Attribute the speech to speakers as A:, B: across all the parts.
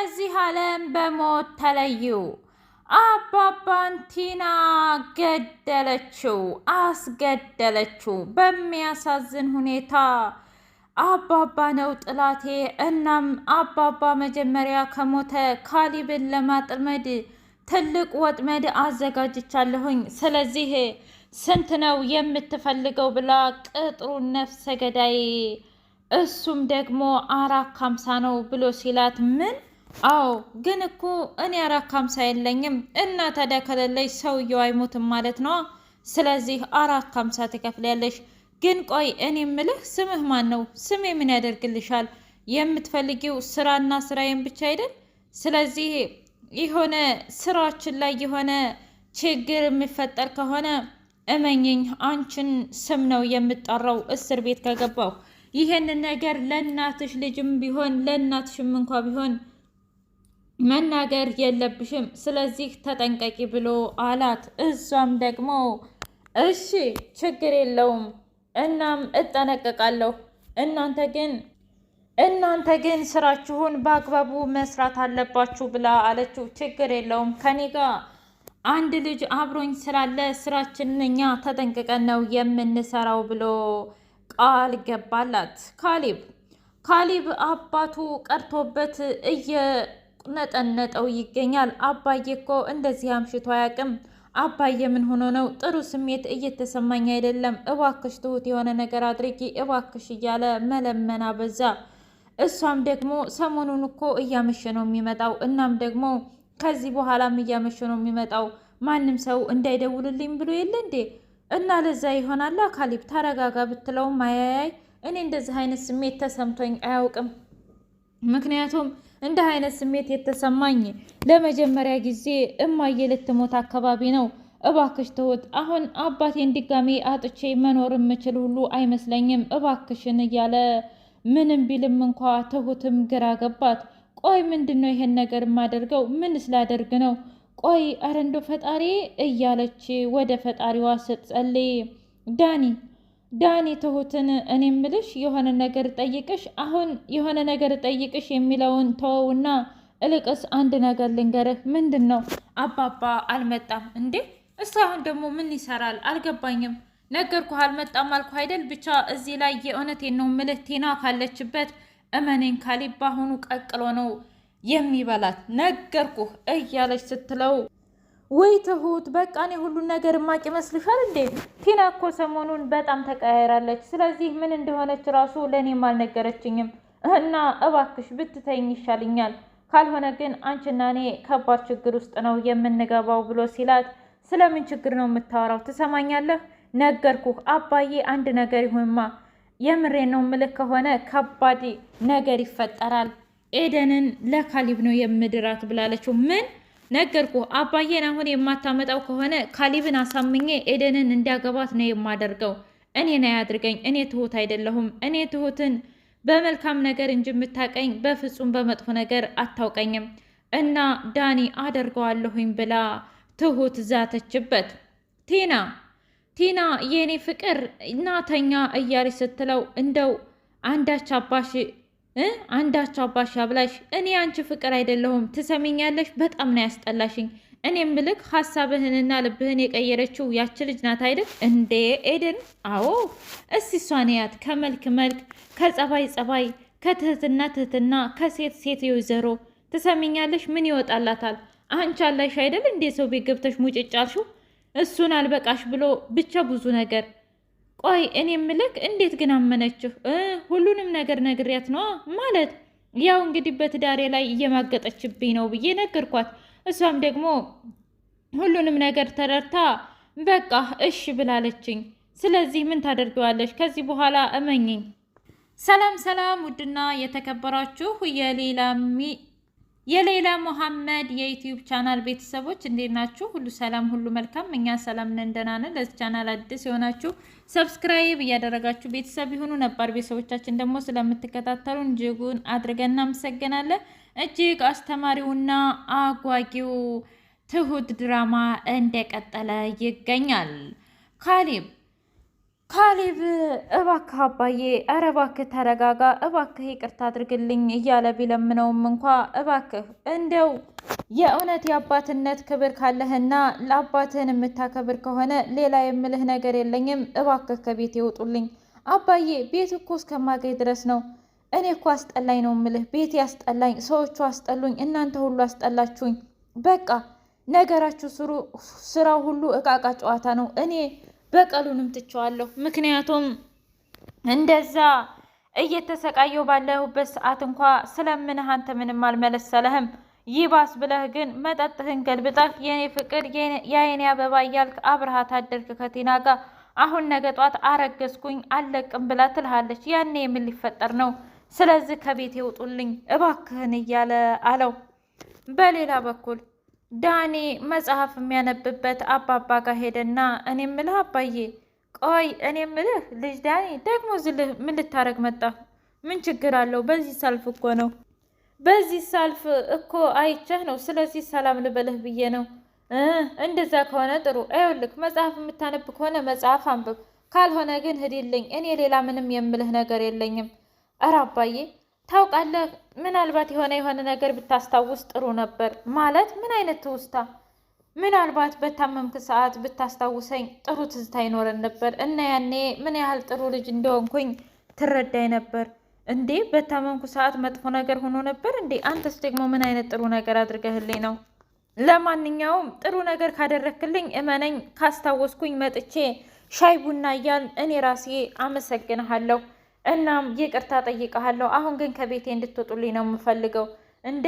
A: ከዚህ ዓለም በሞት ተለዩ። አባባን ቲና ገደለችው፣ አስገደለችው። በሚያሳዝን ሁኔታ አባባ ነው ጥላቴ። እናም አባባ መጀመሪያ ከሞተ ካሊብን ለማጥመድ ትልቅ ወጥመድ አዘጋጅቻለሁኝ። ስለዚህ ስንት ነው የምትፈልገው ብላ ቅጥሩን ነፍሰ ገዳይ እሱም ደግሞ አራት ከሀምሳ ነው ብሎ ሲላት ምን አዎ ግን እኮ እኔ አራት ሀምሳ የለኝም። እና ታዲያ ከሌለሽ ሰውየው አይሞትም ማለት ነዋ። ስለዚህ አራት ሀምሳ ትከፍያለሽ። ግን ቆይ እኔ የምልህ ስምህ ማን ነው? ስሜ ምን ያደርግልሻል? የምትፈልጊው ስራና ስራዬን ብቻ አይደል? ስለዚህ የሆነ ስራችን ላይ የሆነ ችግር የሚፈጠር ከሆነ እመኝኝ፣ አንቺን ስም ነው የምጠራው እስር ቤት ከገባሁ። ይህን ነገር ለእናትሽ ልጅም ቢሆን ለእናትሽም እንኳ ቢሆን መናገር የለብሽም ስለዚህ ተጠንቀቂ ብሎ አላት። እሷም ደግሞ እሺ ችግር የለውም እናም እጠነቀቃለሁ እናንተ ግን እናንተ ግን ስራችሁን በአግባቡ መስራት አለባችሁ ብላ አለችው። ችግር የለውም ከኔ ጋር አንድ ልጅ አብሮኝ ስላለ ስራችንን እኛ ተጠንቅቀን ነው የምንሰራው ብሎ ቃል ገባላት። ካሊብ ካሊብ አባቱ ቀርቶበት እየ ነጠነጠው ይገኛል። አባዬ እኮ እንደዚህ አምሽቶ አያውቅም። አባዬ ምን ሆኖ ነው? ጥሩ ስሜት እየተሰማኝ አይደለም። እባክሽ ትሁት የሆነ ነገር አድርጊ እባክሽ እያለ መለመና በዛ። እሷም ደግሞ ሰሞኑን እኮ እያመሸ ነው የሚመጣው፣ እናም ደግሞ ከዚህ በኋላም እያመሸ ነው የሚመጣው ማንም ሰው እንዳይደውልልኝ ብሎ የለ እንዴ? እና ለዛ ይሆናል ካሊብ ተረጋጋ ብትለውም አያያይ እኔ እንደዚህ አይነት ስሜት ተሰምቶኝ አያውቅም ምክንያቱም እንዲህ አይነት ስሜት የተሰማኝ ለመጀመሪያ ጊዜ እማዬ ልትሞት አካባቢ ነው። እባክሽ ትሁት፣ አሁን አባቴን ድጋሜ አጥቼ መኖር የምችል ሁሉ አይመስለኝም፣ እባክሽን እያለ ምንም ቢልም እንኳ ትሁትም ግራ ገባት። ቆይ ምንድን ነው ይሄን ነገር የማደርገው? ምን ስላደርግ ነው? ቆይ አረንዶ ፈጣሪ እያለች ወደ ፈጣሪዋ ስትጸልይ ዳኒ ዳኒ ትሁትን እኔ ምልሽ የሆነ ነገር ጠይቅሽ አሁን የሆነ ነገር ጠይቅሽ የሚለውን ተወውና እልቅስ አንድ ነገር ልንገርህ። ምንድን ነው? አባባ አልመጣም እንዴ? እሱ አሁን ደግሞ ምን ይሰራል? አልገባኝም። ነገርኩህ፣ አልመጣም አልኩ አይደል? ብቻ እዚህ ላይ የእውነቴን ነው ምልህ ቴና ካለችበት እመኔን ካሊ በአሁኑ ቀቅሎ ነው የሚበላት ነገርኩህ እያለች ስትለው ወይ ትሁት በቃ እኔ ሁሉን ነገር ማቅ ይመስልሻል እንዴ? ቲና እኮ ሰሞኑን በጣም ተቀያይራለች። ስለዚህ ምን እንደሆነች ራሱ ለእኔም አልነገረችኝም እና እባክሽ ብትተኝ ይሻልኛል፣ ካልሆነ ግን አንቺና እኔ ከባድ ችግር ውስጥ ነው የምንገባው ብሎ ሲላት ስለምን ችግር ነው የምታወራው? ትሰማኛለህ? ነገርኩህ አባዬ አንድ ነገር ይሁንማ፣ የምሬ ነው ምልክ ከሆነ ከባድ ነገር ይፈጠራል። ኤደንን ለካሊብ ነው የምድራት ብላለችው ምን ነገርኩ አባዬን አሁን የማታመጣው ከሆነ ካሊብን አሳምኜ ኤደንን እንዲያገባት ነው የማደርገው። እኔን አያድርገኝ። እኔ ትሁት አይደለሁም። እኔ ትሁትን በመልካም ነገር እንጂ የምታቀኝ በፍጹም በመጥፎ ነገር አታውቀኝም። እና ዳኒ አደርገዋለሁኝ ብላ ትሁት ዛተችበት። ቲና ቲና የእኔ ፍቅር እናተኛ እያለች ስትለው እንደው አንዳች አባሽ አንዳቸው አባሽ አብላሽ እኔ አንቺ ፍቅር አይደለሁም። ትሰሚኛለሽ? በጣም ነው ያስጠላሽኝ። እኔም ብልክ ሀሳብህንና ልብህን የቀየረችው ያቺ ልጅ ናት አይደል እንዴ? ኤደን አዎ፣ እስኪ እሷን ከመልክ መልክ፣ ከጸባይ ጸባይ፣ ከትህትና ትህትና፣ ከሴት ሴት የወይዘሮ ትሰሚኛለሽ? ምን ይወጣላታል? አንቺ አላሽ አይደል እንዴ ሰው ቤት ገብተሽ ሙጭጫልሹ። እሱን አልበቃሽ ብሎ ብቻ ብዙ ነገር ቆይ እኔ ምልክ እንዴት ግን አመነችሁ? ሁሉንም ነገር ነግሬያት ነው ማለት ያው እንግዲህ በትዳሬ ላይ እየማገጠችብኝ ነው ብዬ ነገርኳት። እሷም ደግሞ ሁሉንም ነገር ተረድታ በቃ እሺ ብላለችኝ። ስለዚህ ምን ታደርገዋለች? ከዚህ በኋላ እመኝኝ።
B: ሰላም ሰላም! ውድና የተከበራችሁ የሌላ የሌላ መሐመድ የዩትዩብ ቻናል ቤተሰቦች እንዴት ናችሁ? ሁሉ ሰላም፣ ሁሉ መልካም። እኛ ሰላም ነን፣ ደህና ነን። ለዚህ ቻናል አዲስ የሆናችሁ ሰብስክራይብ እያደረጋችሁ ቤተሰብ የሆኑ ነባር ቤተሰቦቻችን ደግሞ ስለምትከታተሉን እጅጉን አድርገን እናመሰግናለን። እጅግ አስተማሪውና አጓጊው ትሁት ድራማ እንደቀጠለ ይገኛል። ካሌብ ካሌብ እባክህ አባዬ፣ ኧረ እባክህ ተረጋጋ፣ እባክህ ይቅርታ አድርግልኝ እያለ ቢለምነውም እንኳ እባክህ እንደው የእውነት የአባትነት ክብር ካለህና ለአባትህን የምታከብር ከሆነ ሌላ የምልህ ነገር የለኝም። እባክህ ከቤት ይውጡልኝ አባዬ። ቤት እኮ እስከማገኝ ድረስ ነው። እኔ እኮ አስጠላኝ ነው ምልህ ቤት ያስጠላኝ፣ ሰዎቹ አስጠሉኝ፣ እናንተ ሁሉ አስጠላችሁኝ። በቃ ነገራችሁ ስሩ፣ ስራው ሁሉ እቃቃ ጨዋታ ነው። እኔ በቀሉንም ትቸዋለሁ። ምክንያቱም እንደዛ እየተሰቃየው ባለሁበት ሰዓት እንኳ ስለምንህ አንተ ምንም አልመለሰለህም። ይባስ ብለህ ግን መጠጥህን ገልብጠህ የኔ ፍቅር የአይኔ አበባ እያልክ አብረሃት አደርክ ከቲና ጋር። አሁን ነገ ጧት አረገዝኩኝ አለቅም ብላ ትልሃለች። ያኔ የምን ሊፈጠር ነው? ስለዚህ ከቤት ይውጡልኝ እባክህን እያለ አለው። በሌላ በኩል ዳኒ መጽሐፍ የሚያነብበት አባባ ጋር ሄደና እኔ ምልህ አባዬ፣ ቆይ እኔ ምልህ ልጅ ዳኒ ደግሞ ዝልህ ምን ልታረግ መጣ? ምን ችግር አለው? በዚህ ሰልፍ እኮ ነው በዚህ ሰልፍ እኮ አይቼህ ነው። ስለዚህ ሰላም ልበልህ ብዬ ነው። እንደዛ ከሆነ ጥሩ። ይኸውልህ መጽሐፍ የምታነብ ከሆነ መጽሐፍ አንብብ፣ ካልሆነ ግን ሂድልኝ። እኔ ሌላ ምንም የምልህ ነገር የለኝም። እረ አባዬ ታውቃለህ፣ ምናልባት የሆነ የሆነ ነገር ብታስታውስ ጥሩ ነበር። ማለት ምን አይነት ትውስታ? ምናልባት በታመምክ ሰዓት ብታስታውሰኝ ጥሩ ትዝታ ይኖረን ነበር እና ያኔ ምን ያህል ጥሩ ልጅ እንደሆንኩኝ ትረዳኝ ነበር። እንዴ በታመምኩ ሰዓት መጥፎ ነገር ሆኖ ነበር እንዴ? አንተስ ደግሞ ምን አይነት ጥሩ ነገር አድርገህልኝ ነው? ለማንኛውም ጥሩ ነገር ካደረክልኝ እመነኝ፣ ካስታወስኩኝ መጥቼ ሻይ ቡና እያልን እኔ ራሴ አመሰግንሃለሁ። እናም ይቅርታ ጠይቀሃለሁ። አሁን ግን ከቤቴ እንድትወጡልኝ ነው የምፈልገው። እንዴ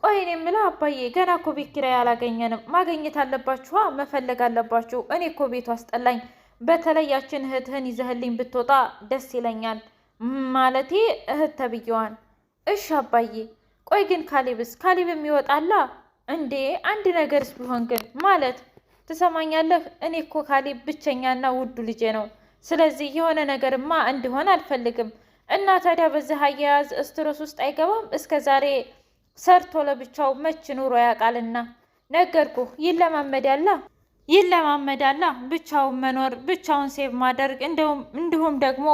B: ቆይ እኔ የምለው አባዬ፣ ገና እኮ ቤት ኪራይ አላገኘንም። ማገኘት አለባችኋ፣ መፈለግ አለባችሁ። እኔ እኮ ቤቱ አስጠላኝ። በተለያችን እህትህን ይዘህልኝ ብትወጣ ደስ ይለኛል። ማለቴ እህት ተብዬዋን። እሺ አባዬ። ቆይ ግን ካሊብስ? ካሊብ የሚወጣላ እንዴ? አንድ ነገርስ ቢሆን ግን ማለት ትሰማኛለህ? እኔ እኮ ካሊብ ብቸኛና ውዱ ልጄ ነው ስለዚህ የሆነ ነገርማ እንዲሆን አልፈልግም። እና ታዲያ በዚህ አያያዝ እስትሮስ ውስጥ አይገባም። እስከ ዛሬ ሰርቶ ለብቻው መች ኑሮ ያውቃልና፣ ነገርኩ ይለማመዳላ ያላ ብቻውን መኖር፣ ብቻውን ሴቭ ማደርግ፣ እንዲሁም ደግሞ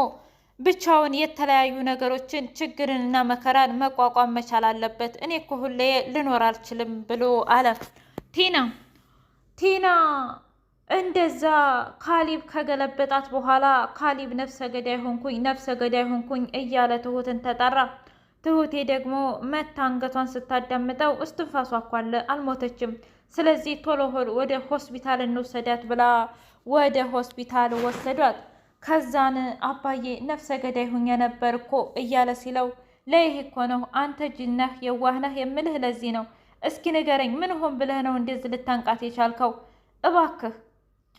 B: ብቻውን የተለያዩ ነገሮችን ችግርንና መከራን መቋቋም መቻል አለበት። እኔ እኮ ሁሌ ልኖር አልችልም ብሎ አለ ቲና ቲና እንደዛ ካሊብ ከገለበጣት በኋላ ካሊብ ነፍሰ ገዳይ ሆንኩኝ፣ ነፍሰ ገዳይ ሆንኩኝ እያለ ትሁትን ተጠራ። ትሁቴ ደግሞ መታ አንገቷን ስታዳምጠው እስትንፋሷ አኳለ አልሞተችም። ስለዚህ ቶሎ ወደ ሆስፒታል እንወሰዳት ብላ ወደ ሆስፒታል ወሰዷት። ከዛን አባዬ ነፍሰ ገዳይ ሁኝ ነበር እኮ እያለ ሲለው ለይህ እኮ ነው አንተ ጅነህ የዋህነህ የምልህ ለዚህ ነው። እስኪ ንገረኝ ምን ሆን ብለህ ነው እንደዚህ ልታንቃት የቻልከው? እባክህ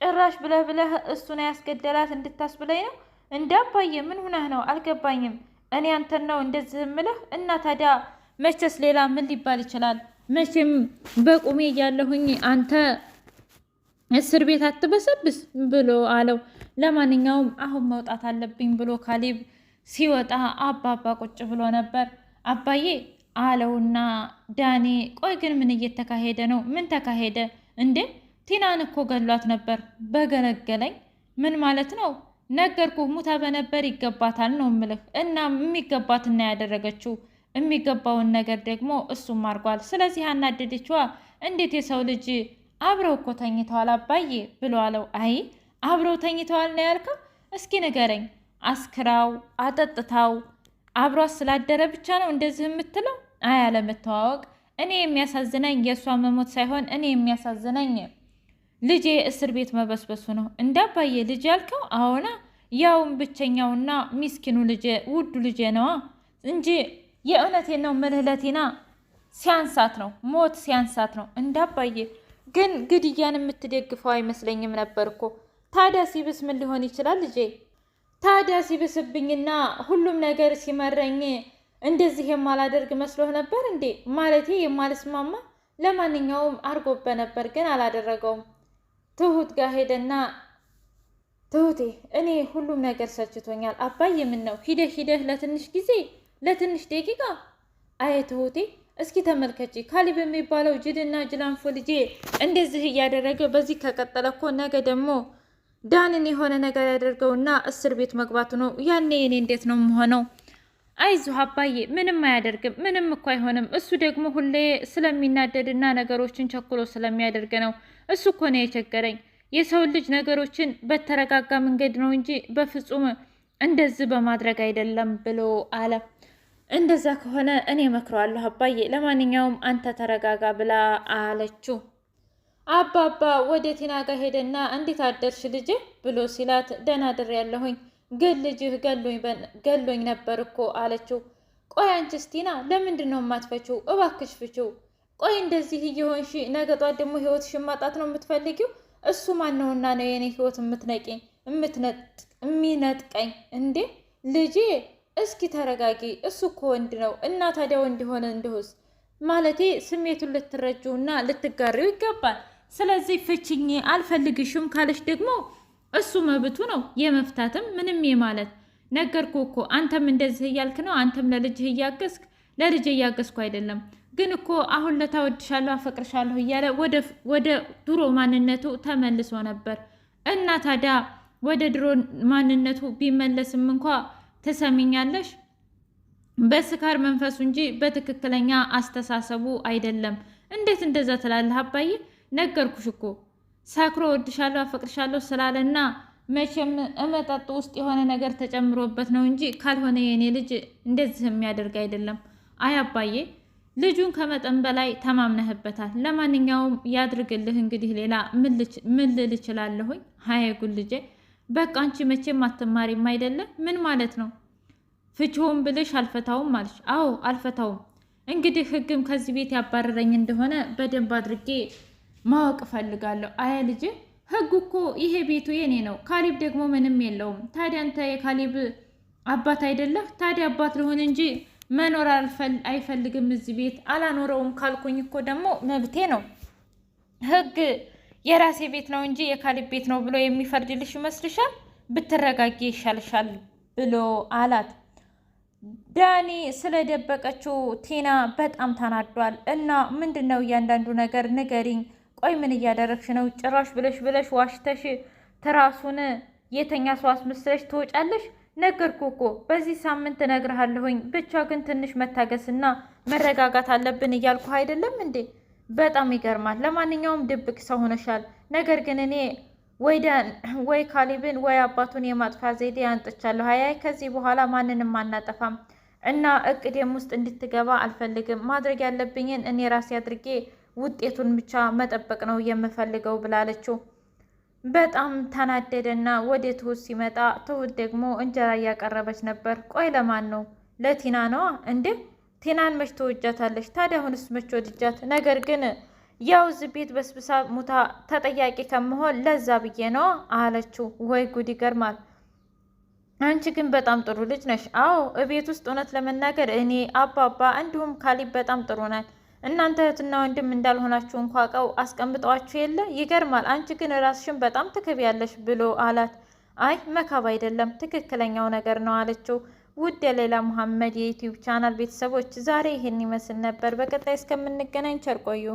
B: ጭራሽ ብለህ ብለህ እሱን ያስገደላት እንድታስብለኝ ነው። እንደ አባዬ ምን ሁነህ ነው? አልገባኝም። እኔ አንተን ነው እንደዚህ ምለህ? እና ታዲያ መቼስ ሌላ ምን ሊባል ይችላል? መቼም በቁሜ እያለሁኝ አንተ እስር ቤት አትበሰብስ ብሎ አለው። ለማንኛውም አሁን መውጣት አለብኝ ብሎ ካሌብ ሲወጣ አባባ ቁጭ ብሎ ነበር። አባዬ አለውና ዳኔ፣ ቆይ ግን ምን እየተካሄደ ነው? ምን ተካሄደ እንዴ? ቲናን እኮ ገሏት ነበር። በገለገለኝ ምን ማለት ነው? ነገርኩ። ሙታ በነበር ይገባታል ነው ምልህ። እና የሚገባትና ያደረገችው የሚገባውን ነገር ደግሞ እሱም አድርጓል። ስለዚህ አናደደችዋ። እንዴት የሰው ልጅ አብረው እኮ ተኝተዋል አባዬ ብሎ አለው። አይ አብረው ተኝተዋል ነው ያልከው? እስኪ ንገረኝ። አስክራው አጠጥታው አብሯ ስላደረ ብቻ ነው እንደዚህ የምትለው? አይ አለመተዋወቅ። እኔ የሚያሳዝነኝ የእሷ መሞት ሳይሆን እኔ የሚያሳዝነኝ ልጄ እስር ቤት መበስበሱ ነው እንዳባዬ ልጅ ያልከው አሁና ያውን ብቸኛውና ሚስኪኑ ልጄ ውዱ ልጄ ነዋ እንጂ የእውነቴ ነው ምልህለቴና ሲያንሳት ነው ሞት ሲያንሳት ነው እንዳባዬ ግን ግድያን የምትደግፈው አይመስለኝም ነበር እኮ ታዲያ ሲብስ ምን ሊሆን ይችላል ልጄ ታዲያ ሲብስብኝና ሁሉም ነገር ሲመረኝ እንደዚህ የማላደርግ መስሎህ ነበር እንዴ ማለቴ የማልስማማ ለማንኛውም አርጎበ ነበር ግን አላደረገውም ትሁት ጋር ሄደና ትሁቴ እኔ ሁሉም ነገር ሰችቶኛል። አባዬ ምን ነው ሂደህ ሂደህ ለትንሽ ጊዜ ለትንሽ ደቂቃ አየ ትሁቴ እስኪ ተመልከቺ ካሊብ የሚባለው ጅልና ጅላንፎ ልጄ እንደዚህ እያደረገ በዚህ ከቀጠለ እኮ ነገ ደግሞ ዳንን የሆነ ነገር ያደርገውና እስር ቤት መግባቱ ነው። ያኔ እኔ እንዴት ነው የምሆነው? አይዞህ አባዬ ምንም አያደርግም፣ ምንም እኮ አይሆንም። እሱ ደግሞ ሁሌ ስለሚናደድና ነገሮችን ቸኩሎ ስለሚያደርግ ነው እሱ እኮ ነው የቸገረኝ። የሰውን ልጅ ነገሮችን በተረጋጋ መንገድ ነው እንጂ በፍጹም እንደዚህ በማድረግ አይደለም ብሎ አለ። እንደዛ ከሆነ እኔ መክረዋለሁ አባዬ፣ ለማንኛውም አንተ ተረጋጋ ብላ አለችው። አባባ ወደ ቲና ጋር ሄደና እንዴት አደርሽ ልጅ ብሎ ሲላት ደህና ያለሁኝ ግን ልጅህ ገሎኝ ነበር እኮ አለችው። ቆይ አንቺስ ቲና ለምንድን ነው የማትፈችው? እባክሽ ፍችው ቆይ እንደዚህ እየሆንሽ ነገ ጧት ደግሞ ህይወትሽን ማጣት ነው የምትፈልጊው? እሱ ማነውና ነው የኔ ህይወት የምትነቂኝ የሚነጥቀኝ? እንዴ ልጄ እስኪ ተረጋጊ። እሱ እኮ ወንድ ነው እና ታዲያ ወንድ የሆነ እንደሆስ ማለቴ ስሜቱን ልትረጁ እና ልትጋሪው ይገባል። ስለዚህ ፍችኝ አልፈልግሽም ካለሽ ደግሞ እሱ መብቱ ነው የመፍታትም ምንም ማለት ነገርኩ እኮ አንተም እንደዚህ እያልክ ነው አንተም ለልጅህ እያገዝክ ለልጅ እያገዝኩ አይደለም ግን እኮ አሁን ለታወድሻለሁ አፈቅርሻለሁ እያለ ወደ ድሮ ማንነቱ ተመልሶ ነበር እና ታዲያ ወደ ድሮ ማንነቱ ቢመለስም እንኳ ትሰሚኛለሽ፣ በስካር መንፈሱ እንጂ በትክክለኛ አስተሳሰቡ አይደለም። እንዴት እንደዛ ትላለህ አባዬ? ነገርኩሽ እኮ ሳክሮ ወድሻለሁ አፈቅርሻለሁ ስላለና መቼም መጠጡ ውስጥ የሆነ ነገር ተጨምሮበት ነው እንጂ ካልሆነ የእኔ ልጅ እንደዚህ የሚያደርግ አይደለም። አይ አባዬ ልጁን ከመጠን በላይ ተማምነህበታል። ለማንኛውም ያድርግልህ። እንግዲህ ሌላ ምን ልል እችላለሁኝ? ሀየጉል ልጄ፣ በቃ አንቺ መቼም አትማሪም አይደለም? ምን ማለት ነው? ፍችሁም ብልሽ አልፈታውም አለች። አዎ አልፈታውም። እንግዲህ ህግም ከዚህ ቤት ያባረረኝ እንደሆነ በደንብ አድርጌ ማወቅ እፈልጋለሁ። አያ ልጄ፣ ህጉ እኮ ይሄ ቤቱ የኔ ነው። ካሊብ ደግሞ ምንም የለውም። ታዲያ አንተ የካሊብ አባት አይደለህ? ታዲያ አባት ልሆን እንጂ መኖር አይፈልግም እዚህ ቤት አላኖረውም ካልኩኝ እኮ ደግሞ መብቴ ነው። ህግ የራሴ ቤት ነው እንጂ የካሊብ ቤት ነው ብሎ የሚፈርድልሽ ይመስልሻል? ብትረጋጊ ይሻልሻል ብሎ አላት። ዳኒ ስለደበቀችው ቲና በጣም ታናዷል። እና ምንድን ነው እያንዳንዱ ነገር ንገሪኝ፣ ቆይ ምን እያደረግሽ ነው? ጭራሽ ብለሽ ብለሽ ዋሽተሽ ትራሱን የተኛ ሰው አስመስለሽ ትወጫለሽ። ነገርኩ እኮ በዚህ ሳምንት እነግርሃለሁኝ። ብቻ ግን ትንሽ መታገስና መረጋጋት አለብን እያልኩ አይደለም እንዴ? በጣም ይገርማል። ለማንኛውም ድብቅ ሰው ሆነሻል። ነገር ግን እኔ ወይ ካሊብን ወይ አባቱን የማጥፋ ዘዴ አንጥቻለሁ። አያይ ከዚህ በኋላ ማንንም አናጠፋም እና እቅዴም ውስጥ እንድትገባ አልፈልግም። ማድረግ ያለብኝን እኔ ራሴ አድርጌ ውጤቱን ብቻ መጠበቅ ነው የምፈልገው ብላለችው። በጣም ተናደደና ወደ ትሁት ሲመጣ ትሁት ደግሞ እንጀራ እያቀረበች ነበር። ቆይ ለማን ነው? ለቲና ነዋ። እንዴ ቲናን መች ትወጃታለች? ታዲያ አሁንስ መች ወድጃት? ነገር ግን ያው እዚህ ቤት በስብሳ ሙታ ተጠያቂ ከመሆን ለዛ ብዬ ነዋ አለችው። ወይ ጉድ ይገርማል። አንቺ ግን በጣም ጥሩ ልጅ ነሽ። አዎ እቤት ውስጥ እውነት ለመናገር እኔ አባባ እንዲሁም ካሊብ በጣም ጥሩ ነን። እናንተ እህትና ወንድም እንዳልሆናችሁ እንኳ ቀው አስቀምጠዋችሁ የለ ይገርማል። አንቺ ግን ራስሽን በጣም ትክብያለሽ ብሎ አላት። አይ መካብ አይደለም ትክክለኛው ነገር ነው አለችው። ውድ የሌላ መሐመድ የዩቲዩብ ቻናል ቤተሰቦች ዛሬ ይህን ይመስል ነበር። በቀጣይ እስከምንገናኝ ቸር ቆዩ።